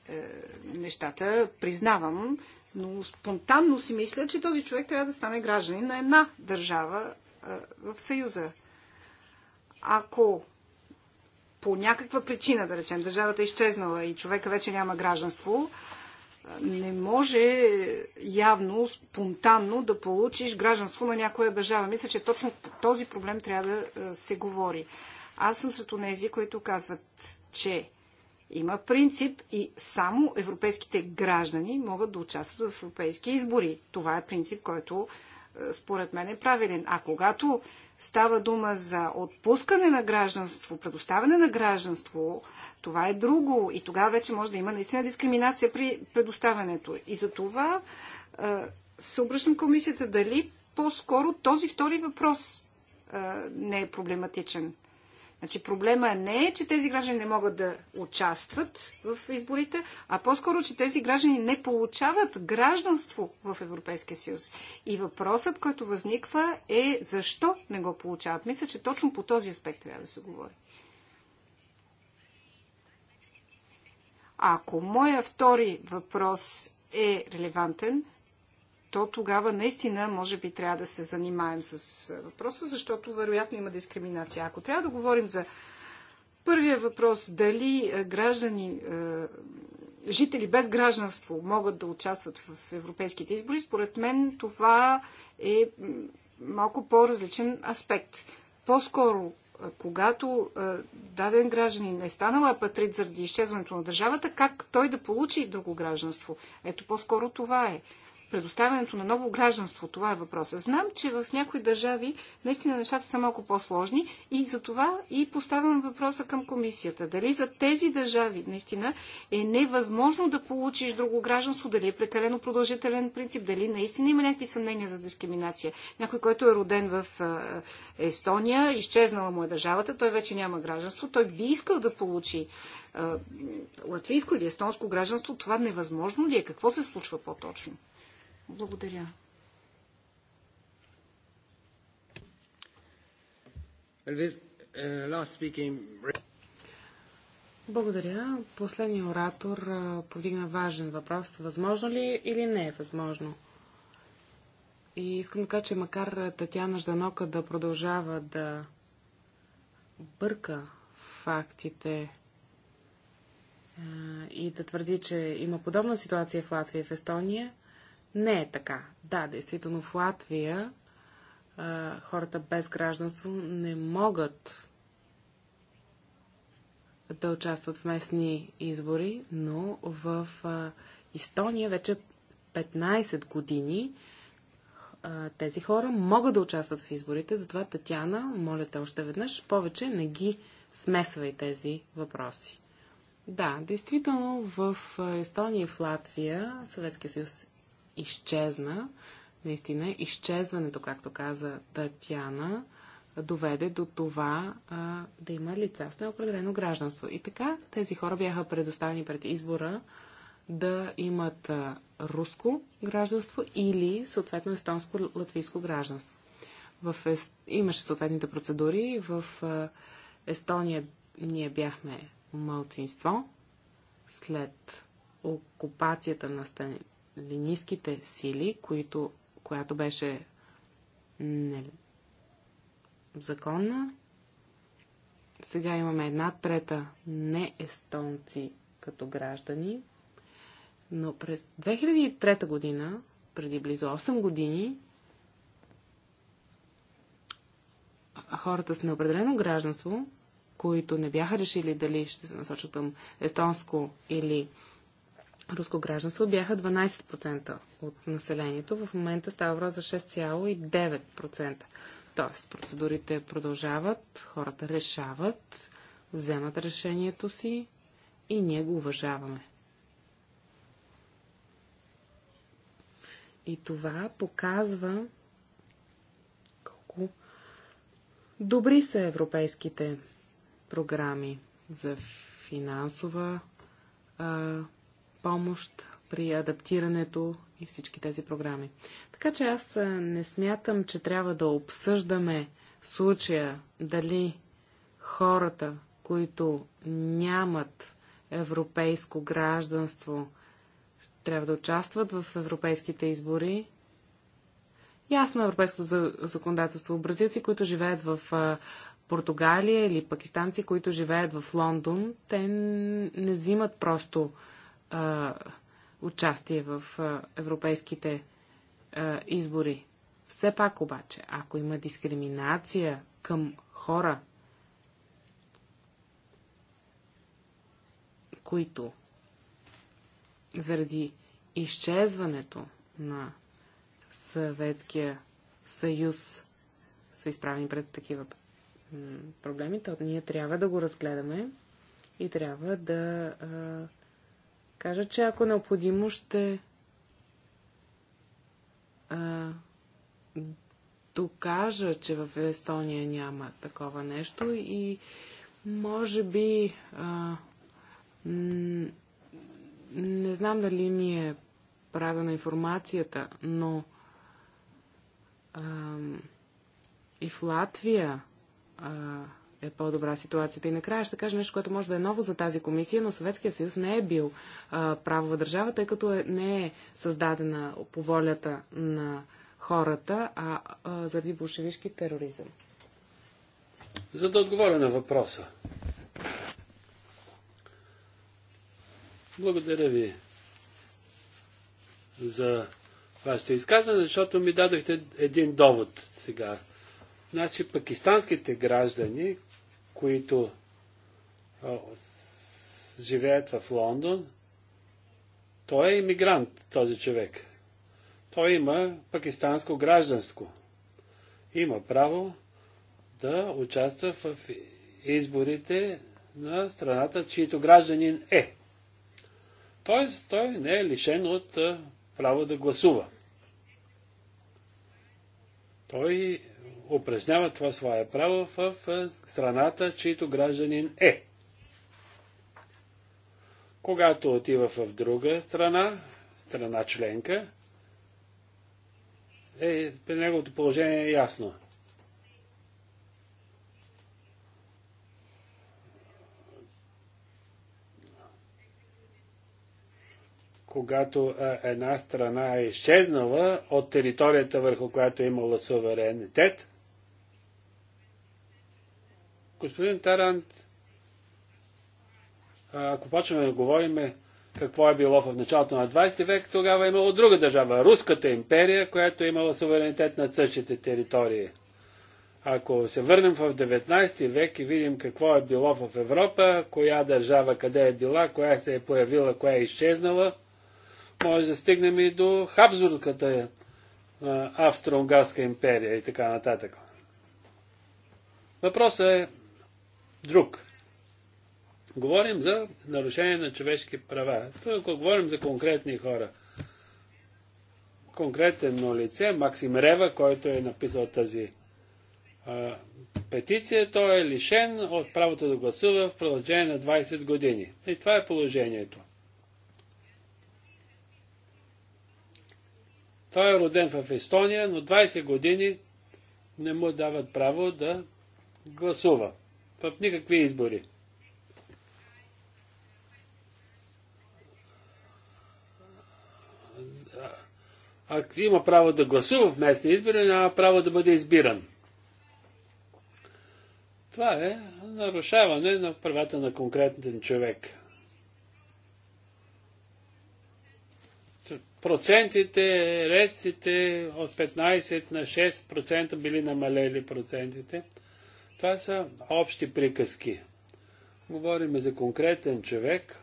нещата, признавам, но спонтанно си мисля, че този човек трябва да стане гражданин на една държава в Съюза. Ако по някаква причина, да речем, държавата е изчезнала и човека вече няма гражданство, не може явно, спонтанно да получиш гражданство на някоя държава. Мисля, че точно по този проблем трябва да се говори. Аз съм сред тези, които казват, че има принцип и само европейските граждани могат да участват в европейски избори. Това е принцип, който е, според мен е правилен. А когато става дума за отпускане на гражданство, предоставяне на гражданство, това е друго. И тогава вече може да има наистина дискриминация при предоставянето. И за това е, се обръщам комисията дали по-скоро този втори въпрос е, не е проблематичен. Значи проблема не е, че тези граждани не могат да участват в изборите, а по-скоро, че тези граждани не получават гражданство в Европейския съюз. И въпросът, който възниква е защо не го получават. Мисля, че точно по този аспект трябва да се говори. Ако моя втори въпрос е релевантен, то тогава наистина може би трябва да се занимаем с въпроса, защото вероятно има дискриминация. Ако трябва да говорим за първия въпрос, дали граждани, жители без гражданство могат да участват в европейските избори, според мен това е малко по-различен аспект. По-скоро, когато даден гражданин е станал апатрит заради изчезването на държавата, как той да получи друго гражданство? Ето по-скоро това е предоставянето на ново гражданство. Това е въпроса. Знам, че в някои държави наистина нещата са малко по-сложни и за това и поставям въпроса към комисията. Дали за тези държави наистина е невъзможно да получиш друго гражданство, дали е прекалено продължителен принцип, дали наистина има някакви съмнения за дискриминация. Някой, който е роден в Естония, изчезнала му е държавата, той вече няма гражданство, той би искал да получи латвийско или естонско гражданство, това невъзможно ли е? Какво се случва по-точно? Благодаря. Uh, Благодаря. Последният оратор повдигна важен въпрос. Възможно ли или не е възможно? И искам да кажа, че макар Татьяна Жданока да продължава да бърка фактите и да твърди, че има подобна ситуация в Латвия и в Естония, не е така. Да, действително в Латвия а, хората без гражданство не могат да участват в местни избори, но в а, Естония вече 15 години а, тези хора могат да участват в изборите. Затова, Татьяна, моля те още веднъж, повече не ги смесвай тези въпроси. Да, действително в Естония и в Латвия Съветския съюз изчезна. Наистина, изчезването, както каза Татьяна, доведе до това а, да има лица с неопределено гражданство. И така тези хора бяха предоставени пред избора да имат а, руско гражданство или съответно естонско-латвийско гражданство. В ес... Имаше съответните процедури. В а, Естония ние бяхме малцинство след окупацията на Станин ниските сили, които, която беше законна. Сега имаме една трета не естонци като граждани, но през 2003 година, преди близо 8 години, хората с неопределено гражданство, които не бяха решили дали ще се насочат към естонско или руско гражданство бяха 12% от населението. В момента става въпрос за 6,9%. Тоест, процедурите продължават, хората решават, вземат решението си и ние го уважаваме. И това показва колко добри са европейските програми за финансова а, помощ при адаптирането и всички тези програми. Така че аз не смятам, че трябва да обсъждаме случая дали хората, които нямат европейско гражданство, трябва да участват в европейските избори. Ясно е европейското законодателство. Бразилци, които живеят в Португалия или пакистанци, които живеят в Лондон, те не взимат просто а, участие в а, европейските а, избори. Все пак обаче, ако има дискриминация към хора, които заради изчезването на Съветския съюз са изправени пред такива проблеми, то ние трябва да го разгледаме и трябва да а, кажа, че ако е необходимо ще а, докажа, че в Естония няма такова нещо и може би а, не знам дали ми е правилна информацията, но а, и в Латвия а, е по-добра ситуацията. И накрая ще кажа нещо, което може да е ново за тази комисия, но Съветския съюз не е бил а, правова държава, тъй като е, не е създадена по волята на хората, а, а заради болшевишки тероризъм. За да отговоря на въпроса. Благодаря ви за вашето изказване, защото ми дадохте един довод сега. Значи пакистанските граждани, които живеят в Лондон, той е иммигрант, този човек. Той има пакистанско гражданство. Има право да участва в изборите на страната, чието гражданин е. Тоест, той не е лишен от право да гласува. Той упражнява това свое право в страната, чието гражданин е. Когато отива в друга страна, страна членка, е, при неговото положение е ясно – когато една страна е изчезнала от територията, върху която е имала суверенитет, господин Тарант, ако почваме да говорим какво е било в началото на 20 век, тогава е имало друга държава, Руската империя, която е имала суверенитет над същите територии. Ако се върнем в 19 век и видим какво е било в Европа, коя държава къде е била, коя се е появила, коя е изчезнала – може да стигнем и до Хабзурката е, Австро-Унгарска империя и така нататък. Въпросът е друг. Говорим за нарушение на човешки права. Тук говорим за конкретни хора. Конкретно лице, Максим Рева, който е написал тази а, петиция, той е лишен от правото да гласува в продължение на 20 години. И това е положението. Той е роден в Естония, но 20 години не му дават право да гласува в никакви избори. А има право да гласува в местни избори, няма право да бъде избиран. Това е нарушаване на правата на конкретен човек. процентите, реците от 15 на 6% били намалели процентите. Това са общи приказки. Говорим за конкретен човек,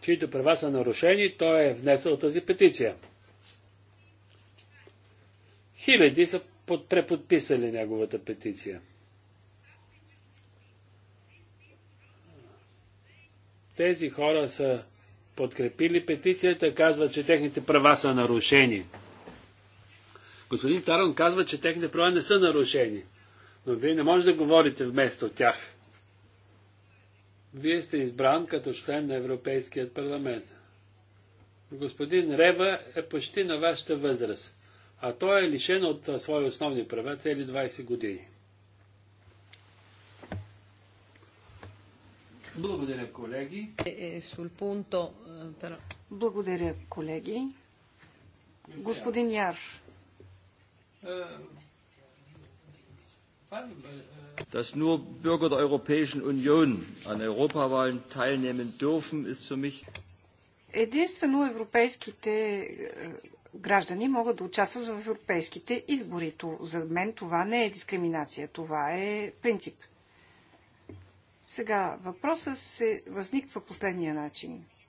чието права са нарушени, той е внесъл тази петиция. Хиляди са под, преподписали неговата петиция. Тези хора са подкрепили петицията, казват, че техните права са нарушени. Господин Тарон казва, че техните права не са нарушени. Но вие не можете да говорите вместо тях. Вие сте избран като член на Европейският парламент. Господин Рева е почти на вашата възраст, а той е лишен от свои основни права цели 20 години. Благодаря, колеги. Е, е, благодаря, колеги. Господин Яр. Dass nur Bürger der Europäischen Union an Europawahlen teilnehmen dürfen, ist für mich. Единствено европейските е, граждани могат да участват в европейските избори. За мен това не е дискриминация, това е принцип. Сега въпросът се възниква последния начин –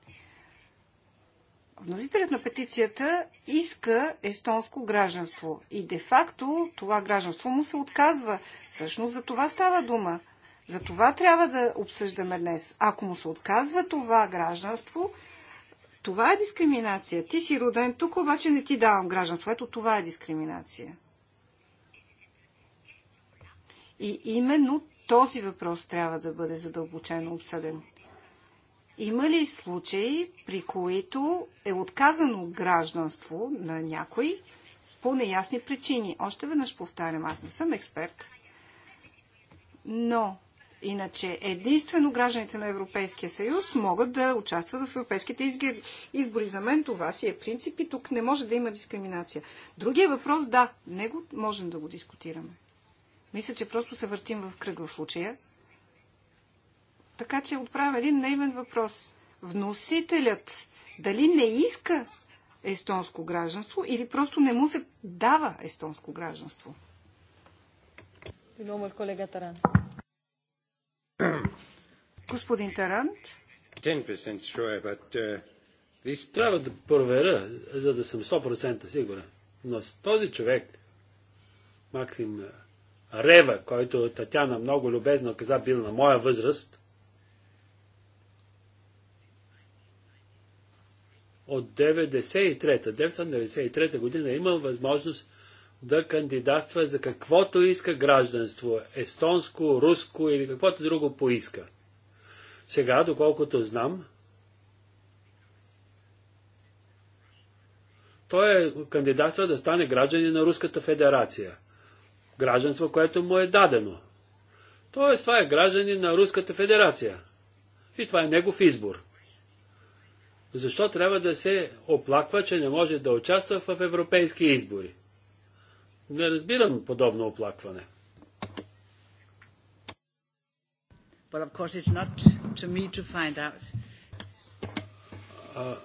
Вносителят на петицията иска естонско гражданство и де-факто това гражданство му се отказва. Същност за това става дума. За това трябва да обсъждаме днес. Ако му се отказва това гражданство, това е дискриминация. Ти си роден тук, обаче не ти давам гражданство. Ето това е дискриминация. И именно този въпрос трябва да бъде задълбочено обсъден. Има ли случаи, при които е отказано гражданство на някой по неясни причини? Още веднъж повтарям, аз не съм експерт, но Иначе единствено гражданите на Европейския съюз могат да участват в европейските избори. За мен това си е принцип и тук не може да има дискриминация. Другия въпрос, да, него можем да го дискутираме. Мисля, че просто се въртим в кръг в случая така че отправям един наивен въпрос. Вносителят дали не иска естонско гражданство или просто не му се дава естонско гражданство? Номер колега Таран. Господин Тарант. 10% sure, but, uh, this... Трябва да проверя, за да съм 100% сигурен. Но с този човек, Максим Рева, който е Татяна много любезно каза бил на моя възраст, от 1993 1993 година имам възможност да кандидатства за каквото иска гражданство, естонско, руско или каквото друго поиска. Сега, доколкото знам, той е кандидатства да стане гражданин на Руската федерация. Гражданство, което му е дадено. Тоест, това е гражданин на Руската федерация. И това е негов избор защо трябва да се оплаква, че не може да участва в европейски избори? Не разбирам подобно оплакване. of course, it's not to me to find out. А,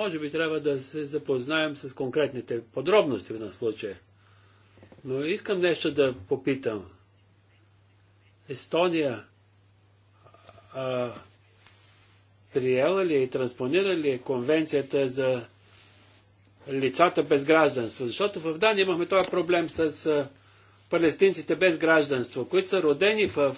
може би трябва да се запознаем с конкретните подробности на случая. Но искам нещо да попитам. Естония а, приела ли и транспонира ли е конвенцията за лицата без гражданство? Защото в Дания имахме този проблем с палестинците без гражданство, които са родени в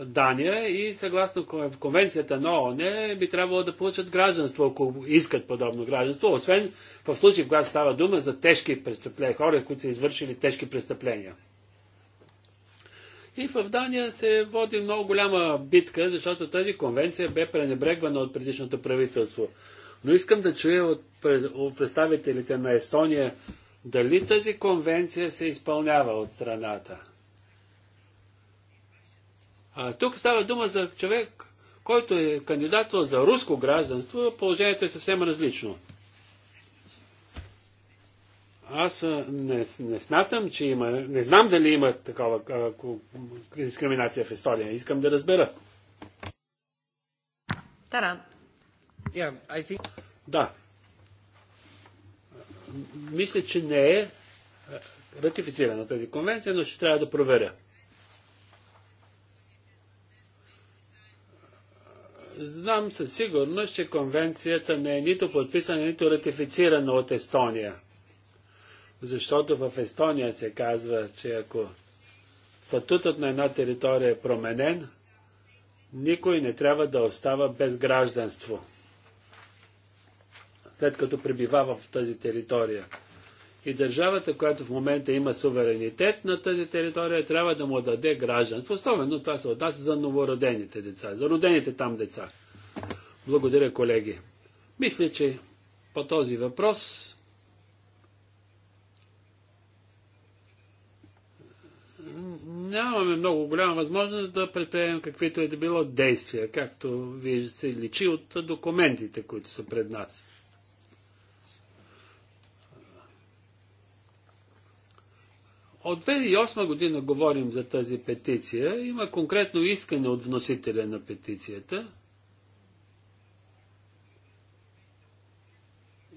Дания и съгласно конвенцията на ООН би трябвало да получат гражданство, ако искат подобно гражданство, освен в случай, когато става дума за тежки престъпления, хора, които са извършили тежки престъпления. И в Дания се води много голяма битка, защото тази конвенция бе пренебрегвана от предишното правителство. Но искам да чуя от представителите на Естония дали тази конвенция се изпълнява от страната. А, тук става дума за човек, който е кандидатствал за руско гражданство, положението е съвсем различно. Аз не, не смятам, че има. Не знам дали има такава дискриминация в Естония. Искам да разбера. Тара. Yeah, I think... Да. Мисля, че не е ратифицирана тази конвенция, но ще трябва да проверя. Знам със сигурност, че конвенцията не е нито подписана, нито ратифицирана от Естония. Защото в Естония се казва, че ако статутът на една територия е променен, никой не трябва да остава без гражданство, след като пребивава в тази територия. И държавата, която в момента има суверенитет на тази територия, трябва да му даде гражданство. Особено това се отнася за новородените деца, за родените там деца. Благодаря, колеги. Мисля, че по този въпрос нямаме много голяма възможност да предприемем каквито е да било действия, както вие се личи от документите, които са пред нас. От 2008 година говорим за тази петиция. Има конкретно искане от вносителя на петицията.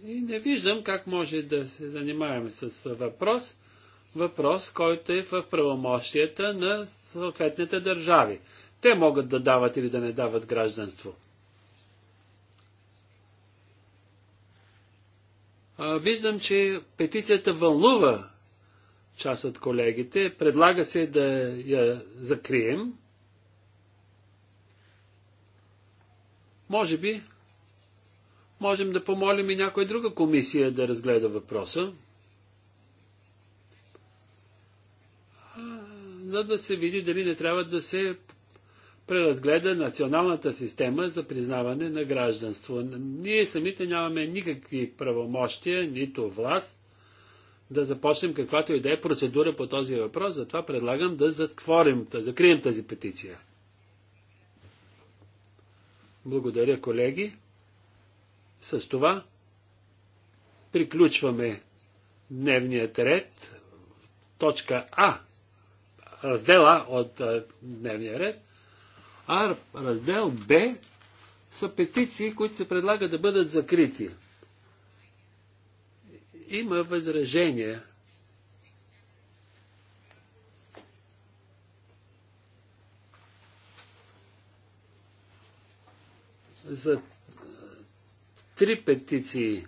И не виждам как може да се занимаваме с въпрос, въпрос, който е в правомощията на съответните държави. Те могат да дават или да не дават гражданство. Виждам, че петицията вълнува част от колегите. Предлага се да я закрием. Може би можем да помолим и някоя друга комисия да разгледа въпроса. за да се види дали не трябва да се преразгледа националната система за признаване на гражданство. Ние самите нямаме никакви правомощия, нито власт да започнем каквато и да е процедура по този въпрос, затова предлагам да затворим, да закрием тази петиция. Благодаря, колеги. С това приключваме дневният ред. Точка А раздела от дневния ред, а раздел Б са петиции, които се предлагат да бъдат закрити. Има възражение. За три петиции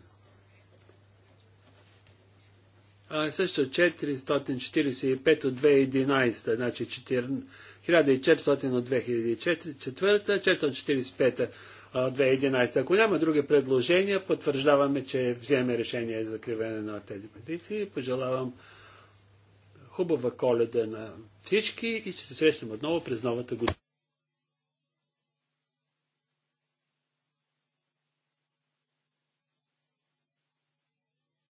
а, също 445 от 2011, значи 14, 1400 от 2004, 445 от 2011. Ако няма други предложения, потвърждаваме, че вземе решение за закриване на тези петиции. Пожелавам хубава коледа на всички и ще се срещнем отново през новата година.